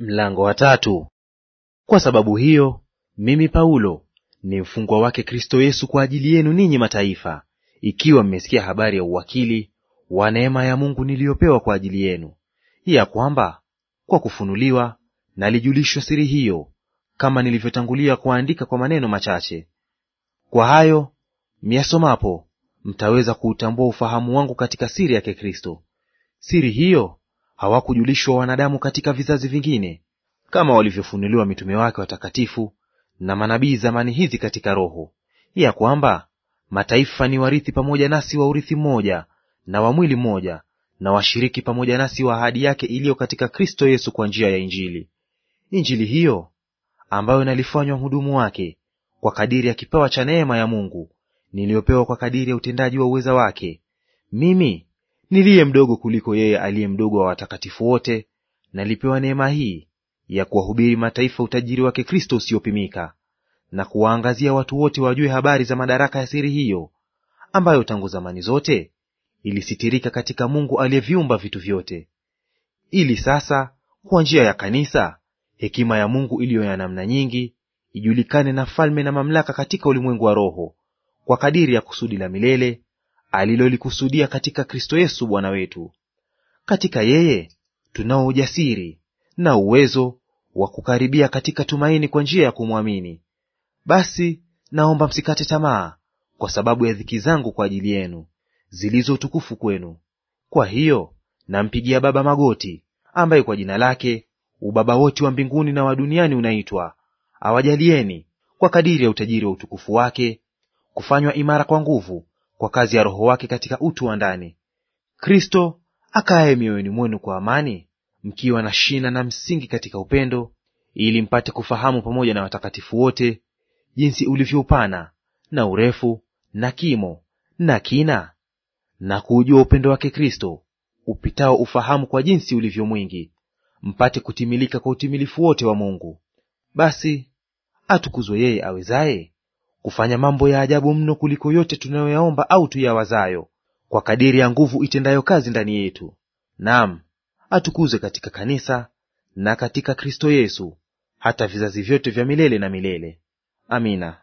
Mlango wa tatu. Kwa sababu hiyo mimi Paulo ni mfungwa wake Kristo Yesu kwa ajili yenu ninyi mataifa, ikiwa mmesikia habari ya uwakili wa neema ya Mungu niliyopewa kwa ajili yenu, ya kwamba kwa kufunuliwa nalijulishwa siri hiyo, kama nilivyotangulia kuandika kwa maneno machache. Kwa hayo myasomapo mtaweza kuutambua ufahamu wangu katika siri yake Kristo. Siri hiyo hawakujulishwa wanadamu katika vizazi vingine kama walivyofunuliwa mitume wake watakatifu na manabii zamani hizi katika Roho, ya kwamba mataifa ni warithi pamoja nasi wa urithi mmoja na wa mwili mmoja, na washiriki pamoja nasi wa ahadi yake iliyo katika Kristo Yesu kwa njia ya Injili. Injili hiyo ambayo nalifanywa mhudumu wake kwa kadiri ya kipawa cha neema ya Mungu niliyopewa kwa kadiri ya utendaji wa uweza wake, mimi niliye mdogo kuliko yeye aliye mdogo wa watakatifu wote, nalipewa neema hii ya kuwahubiri mataifa utajiri wake Kristo usiopimika, na kuwaangazia watu wote wajue habari za madaraka ya siri hiyo, ambayo tangu zamani zote ilisitirika katika Mungu aliyeviumba vitu vyote, ili sasa kwa njia ya kanisa hekima ya Mungu iliyo ya namna nyingi ijulikane na falme na mamlaka katika ulimwengu wa roho, kwa kadiri ya kusudi la milele alilolikusudia katika Kristo Yesu Bwana wetu. Katika yeye tunao ujasiri na uwezo wa kukaribia katika tumaini kwa njia ya kumwamini. Basi naomba msikate tamaa kwa sababu ya dhiki zangu kwa ajili yenu, zilizo utukufu kwenu. Kwa hiyo nampigia Baba magoti, ambaye kwa jina lake ubaba wote wa mbinguni na wa duniani unaitwa, awajalieni kwa kadiri ya utajiri wa utukufu wake kufanywa imara kwa nguvu kwa kazi ya Roho wake katika utu wa ndani, Kristo akaye mioyoni mwenu kwa amani, mkiwa na shina na msingi katika upendo, ili mpate kufahamu pamoja na watakatifu wote jinsi ulivyoupana na urefu na kimo na kina, na kuujua upendo wake Kristo upitao ufahamu, kwa jinsi ulivyo mwingi, mpate kutimilika kwa utimilifu wote wa Mungu. Basi atukuzwe yeye awezaye kufanya mambo ya ajabu mno kuliko yote tunayoyaomba au tuyawazayo, kwa kadiri ya nguvu itendayo kazi ndani yetu. Naam, atukuzwe katika kanisa na katika Kristo Yesu hata vizazi vyote vya milele na milele. Amina.